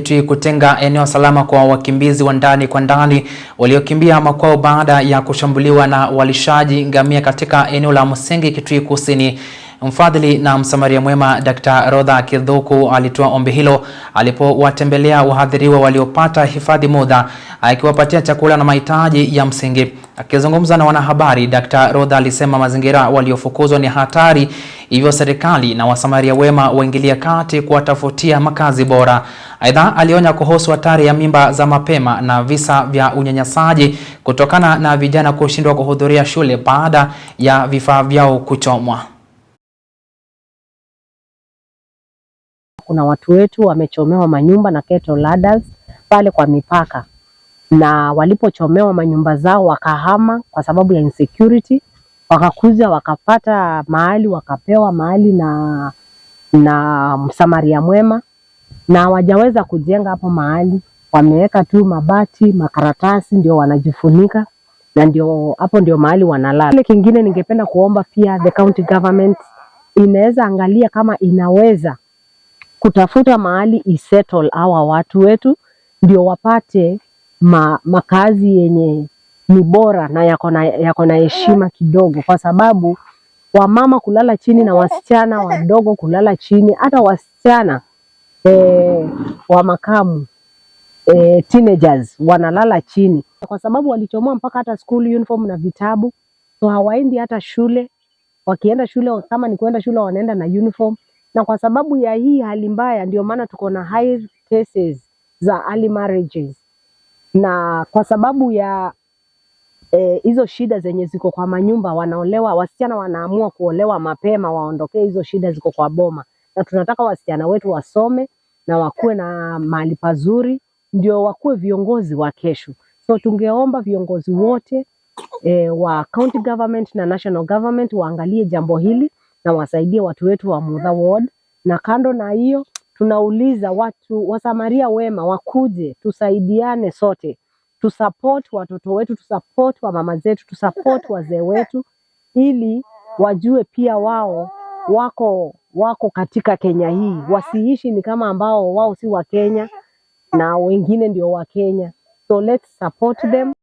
Kitui kutenga eneo salama kwa wakimbizi wa ndani kwa ndani waliokimbia makwao baada ya kushambuliwa na walishaji ngamia katika eneo la Msengi, Kitui Kusini. Mfadhili na msamaria mwema Dr. Rodha Kidhuku alitoa ombi hilo alipowatembelea wahadhiriwa waliopata hifadhi muda, akiwapatia chakula na mahitaji ya msingi. Akizungumza na wanahabari, Dr. rodha alisema mazingira waliofukuzwa ni hatari, hivyo serikali na wasamaria wema waingilia kati kuwatafutia makazi bora. Aidha, alionya kuhusu hatari ya mimba za mapema na visa vya unyanyasaji kutokana na vijana kushindwa kuhudhuria shule baada ya vifaa vyao kuchomwa. Kuna watu wetu wamechomewa manyumba na kettle ladders pale kwa mipaka na walipochomewa manyumba zao wakahama kwa sababu ya insecurity, wakakuja wakapata mahali, wakapewa mahali na na Msamaria Mwema, na wajaweza kujenga hapo mahali, wameweka tu mabati, makaratasi ndio wanajifunika, na ndio hapo ndio mahali wanalala. Kile kingine ningependa kuomba pia the county government inaweza angalia kama inaweza kutafuta mahali isettle hawa watu wetu ndio wapate ma, makazi yenye ni bora na yako na yako na heshima kidogo, kwa sababu wamama kulala chini na wasichana wadogo kulala chini, hata wasichana e, wa makamu e, teenagers wanalala chini, kwa sababu walichomoa mpaka hata school uniform na vitabu, so hawaendi hata shule. Wakienda shule, kama ni kuenda shule, wanaenda na uniform, na kwa sababu ya hii hali mbaya, ndio maana tuko na high cases za early marriages na kwa sababu ya eh, hizo e, shida zenye ziko kwa manyumba, wanaolewa wasichana wanaamua kuolewa mapema, waondokee hizo shida ziko kwa boma, na tunataka wasichana wetu wasome na wakuwe na mahali pazuri, ndio wakuwe viongozi wa kesho. So tungeomba viongozi wote e, wa county government na national government waangalie jambo hili na wasaidie watu wetu wa Mudha Ward, na kando na hiyo tunauliza watu wasamaria wema wakuje, tusaidiane sote, tusupport watoto wetu, tusupport wa mama zetu, tusupport wazee wetu, ili wajue pia wao wako wako katika Kenya hii, wasiishi ni kama ambao wao si wa Kenya na wengine ndio wa Kenya. So let's support them.